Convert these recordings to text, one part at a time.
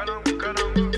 Calango, calango.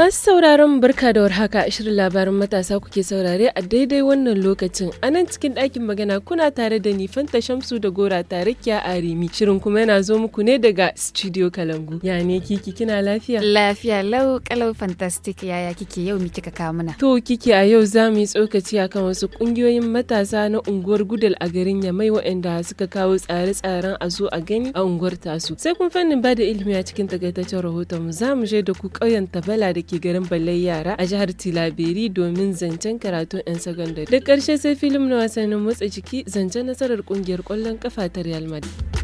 Masu sauraron barka da warhaka shirin labarin matasa kuke saurare a daidai wannan lokacin. A nan cikin ɗakin magana kuna tare da ni Fanta Shamsu da Gora tare kya a Shirin kuma yana zo muku ne daga Studio Kalangu. Ya ne kiki kina lafiya? Lafiya lau kalau fantastic yaya kike yau miki ka kawo muna. To kiki a yau za mu yi tsokaci akan wasu ƙungiyoyin matasa na unguwar Gudal a garin Yamai waɗanda suka kawo tsare-tsaren a zo a gani a unguwar tasu. Sai kun fannin ba da ilimi a cikin takaitaccen rahoton mu za mu je da ku ƙauyen Tabala da ke garin Balai Yara a jihar Tilaberi domin zancen karatun 'yan sakandare. duk ƙarshe sai filim na wasannin motsa jiki zancen nasarar ƙungiyar ƙwallon ƙafa ta Real Madrid.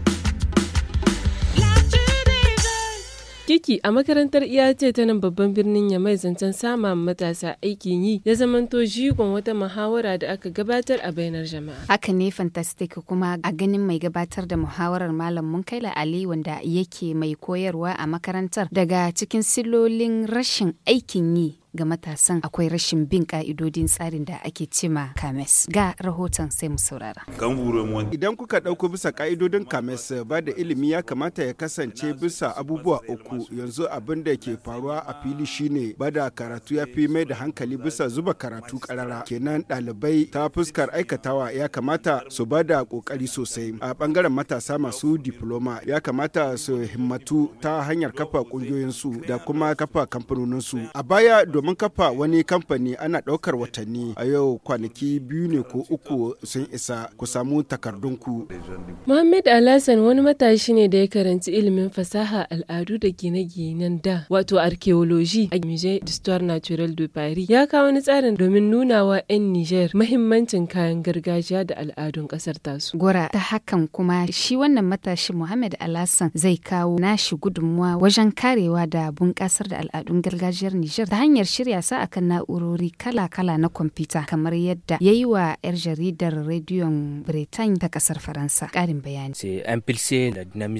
Kiki a makarantar iyace ta nan babban birnin ya mai zancen sama matasa aikin yi ya zamanto jigon wata muhawara da aka gabatar a bainar jama'a. Haka ne fantastic kuma a ganin mai gabatar da muhawarar Malam Munkaila Ali wanda yake mai koyarwa a makarantar daga cikin silolin rashin aikin yi ga matasan akwai rashin bin ka'idodin tsarin da ake cima kames ga rahoton sai mu saurara idan kuka ɗauko bisa ka'idodin kames ba da ilimi ya kamata ya kasance bisa abubuwa uku yanzu abin da ke faruwa a fili shine ba da karatu ya fi mai da hankali bisa zuba karatu karara kenan ɗalibai ta fuskar aikatawa ya kamata su ba da ƙoƙari sosai a bangaren matasa masu diploma ya kamata su himmatu ta hanyar kafa ƙungiyoyinsu da kuma kafa kamfanoninsu a baya domin mun kafa wani kamfani ana ɗaukar watanni a yau kwanaki biyu ne ko uku sun isa ku samu takardunku. Muhammad Alhassan wani matashi ne da ya karanci ilimin fasaha al'adu da gine-ginen da wato archaeology a Musée d'Histoire Naturelle de Paris ya kawo wani tsarin domin nunawa 'yan Niger mahimmancin kayan gargajiya da al'adun ƙasar tasu. Gora ta hakan kuma shi wannan matashi Muhammad Alhassan zai kawo nashi gudunmuwa wajen karewa da bunƙasar da al'adun gargajiyar Niger ta hanyar shirya sa akan na'urori kala-kala na kwamfuta kamar yadda ya yi wa 'yar jaridar rediyon Britain ta kasar Faransa. Karin bayani.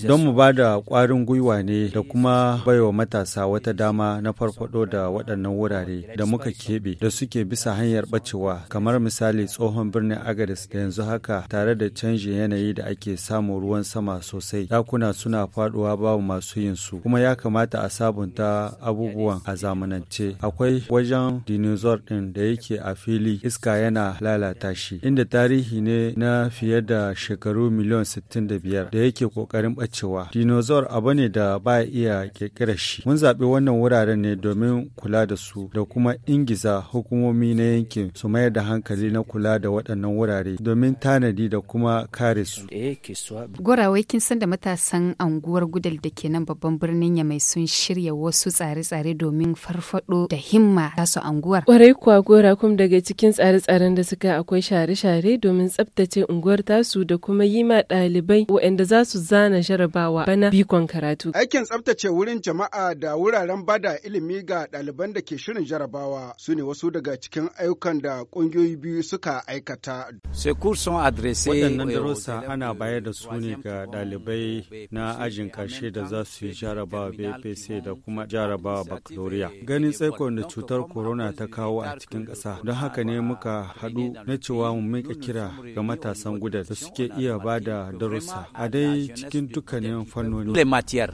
Don mu ba da kwarin gwiwa ne da kuma baiwa matasa wata dama na farfado da waɗannan wurare da muka keɓe da suke bisa hanyar ɓacewa kamar misali tsohon birnin Agadis da yanzu haka tare da canjin yanayi da ake samu ruwan sama sosai dakuna suna faɗuwa babu masu yin su kuma ya kamata a sabunta abubuwan a zamanance. akwai wajen dinosaur ɗin da yake a fili iska yana lalata shi inda tarihi ne na fiye da shekaru miliyan 65 da yake kokarin bacewa dinosaur abu ne da ba iya kekira shi mun zaɓi wannan wuraren ne domin kula da su da kuma ingiza hukumomi na yankin su mayar da hankali na kula da waɗannan wurare domin tanadi da kuma kare su gwarawai kin san da matasan anguwar gudal da ke nan babban birnin yamai sun shirya wasu tsare-tsare domin farfado da himma tasu anguwar. Kwarai kuwa gora kum daga cikin tsare-tsaren da suka akwai share-share domin tsabtace unguwar tasu da kuma yi ma ɗalibai waɗanda za su zana jarabawa bana bikon karatu. Aikin tsabtace wurin jama'a da wuraren bada ilimi ga ɗaliban da ke shirin jarabawa su ne wasu daga cikin ayyukan da ƙungiyoyi biyu suka aikata. Waɗannan darussa ana bayar da su ne ga ɗalibai na ajin ƙarshe da za su yi jarabawa BPC da kuma jarabawa baccalaureate. Ganin tsaikon da cutar corona ta kawo a cikin ƙasa don haka ne muka haɗu na cewa mu mika kira ga matasan gudar da suke iya ba da darussa a dai cikin dukkanin fannoni.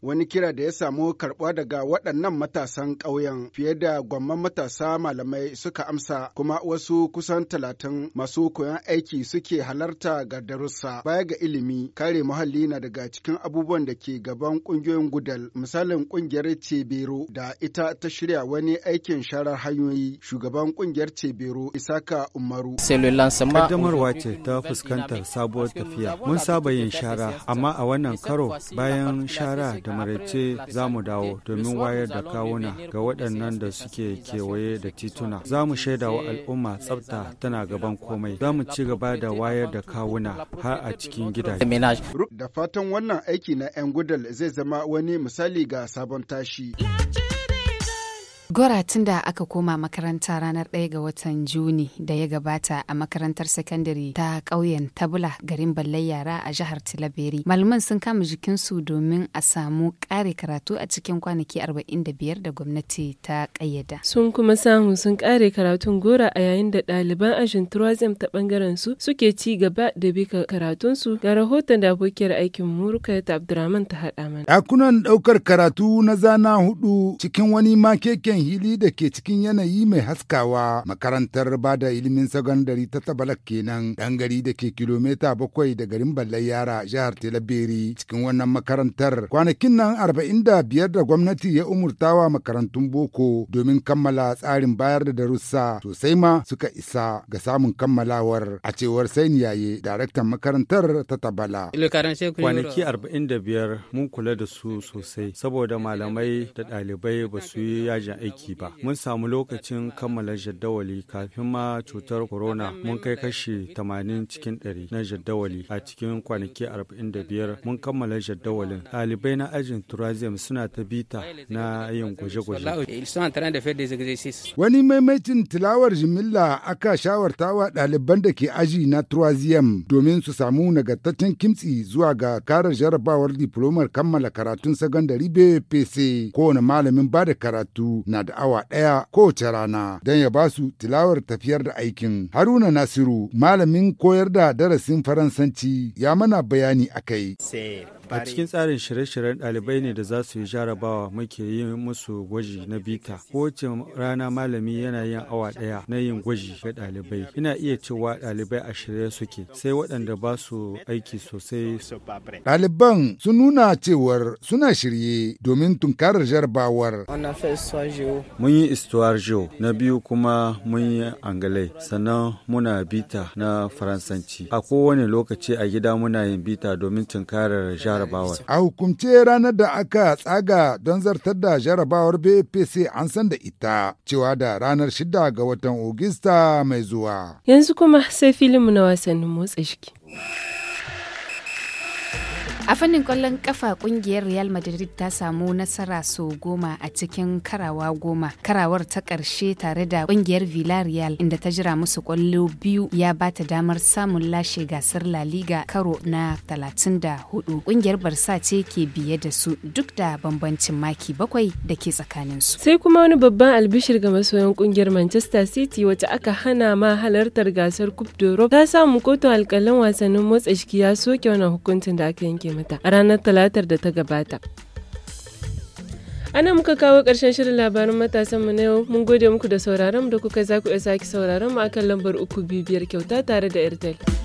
Wani kira da ya samu karɓa daga waɗannan matasan ƙauyen fiye da gwamman matasa malamai suka amsa kuma wasu kusan talatin masu koyon aiki suke halarta ga darussa baya ga ilimi kare muhalli na daga cikin abubuwan da ke gaban ƙungiyoyin gudal misalin ƙungiyar cebero da ita ta shirya wani aiki. aikin sharar hanyoyi shugaban kungiyar Cebero Isaka Umaru. Kaddamarwa ce ta fuskantar sabuwar tafiya. Mun saba yin shara amma a wannan karo bayan shara da maraice za mu dawo domin wayar da kawuna ga waɗannan da suke kewaye da tituna. Za mu shaida wa al'umma tsafta tana gaban komai. Za mu ci gaba da wayar da kawuna har a cikin gidaje. Da fatan wannan aiki na 'yan gudal zai zama wani misali ga sabon tashi. Gora tun da aka koma makaranta ranar 1 ga watan Juni da ya gabata a makarantar sakandare ta ƙauyen Tabula garin Ballai Yara a jihar Tilaberi. Malaman sun kama jikinsu domin a samu ƙare karatu a cikin kwanaki 45 da gwamnati ta ƙayyada. Sun kuma samu sun ƙare karatun gora a yayin da ɗaliban ajin Turazim ta ɓangaren su suke ci gaba da bika karatunsu ga rahoton da abokiyar aikin Murka ta Abdurrahman ta haɗa mana. Ɗakunan ɗaukar karatu na zana hudu cikin wani makeken hili da ke cikin yanayi mai haskawa makarantar bada ilimin sagandari ta tabalak kenan ɗan gari da ke kilomita bakwai da garin ballai yara jihar telaberi cikin wannan makarantar kwanakin nan arba'in da biyar da gwamnati ya umurtawa makarantun boko domin kammala tsarin bayar da darussa sosai ma suka isa ga samun kammalawar a cewar sainiyaye daraktan makarantar ta tabala kwanaki arba'in da biyar mun kula da su sosai saboda malamai da ɗalibai ba su yi yajin aiki ba mun samu lokacin kammala jadawali kafin ma cutar corona mun kai kashi 80 cikin 100 na jadawali a cikin kwanaki 45 mun kammala jaddawalin ɗalibai na ajin turazim suna ta bita na yin gwaje-gwaje wani maimaitin tilawar jimilla aka shawarta wa ɗaliban da ke aji na turazim domin su samu nagartaccen kimtsi zuwa ga karar jarabawar diplomar kammala karatun sakandare bpc kowane malamin ba da karatu na da awa ɗaya kowace rana don ya ba su tilawar tafiyar da aikin. Haruna Nasiru, malamin koyar da darasin Faransanci, ya mana bayani a kai. a cikin tsarin shirye-shiryen ɗalibai ne da za su yi jarabawa muke yin musu gwaji na bita kowace rana malami yana yin awa ɗaya na yin gwaji ga ɗalibai ina iya cewa ɗalibai a shirye suke sai waɗanda ba su aiki sosai ɗaliban sun nuna cewar suna shirye domin tunkarar jarabawar Mun yi Istuwarjo, na biyu kuma mun yi Angalai, sannan muna bita na Faransanci. A kowane lokaci a gida muna yin bita domin tunkarar jarabawar. A hukumce ranar da aka tsaga don zartar da jarabawar BPC an san da ita, cewa da ranar shida ga watan Ogista mai zuwa. Yanzu kuma sai filinmu na wasannin motsa jiki. A fannin kwallon kafa kungiyar Real Madrid ta samu nasara sau goma a cikin karawa goma. Karawar ta karshe tare da kungiyar Villarreal inda ta jira musu kwallo biyu ya ba ta damar samun lashe gasar La Liga karo na 34. Kungiyar barsa ce ke biye da su duk da bambancin maki bakwai da ke tsakaninsu. Sai kuma wani babban albishir ga masoyan kungiyar Manchester City wacce aka hana ma halartar gasar Coupe d'Europe ta samu kotun alƙalan wasannin motsa jiki ya soke wannan hukuncin da aka yanke mata a ranar talatar da ta gabata ana muka kawo ƙarshen shirin labarin matasanmu na yau mun gode muku da sauraron da kuka za ku iya sake sauraron mu akan lambar uku bibiyar kyauta tare da airtel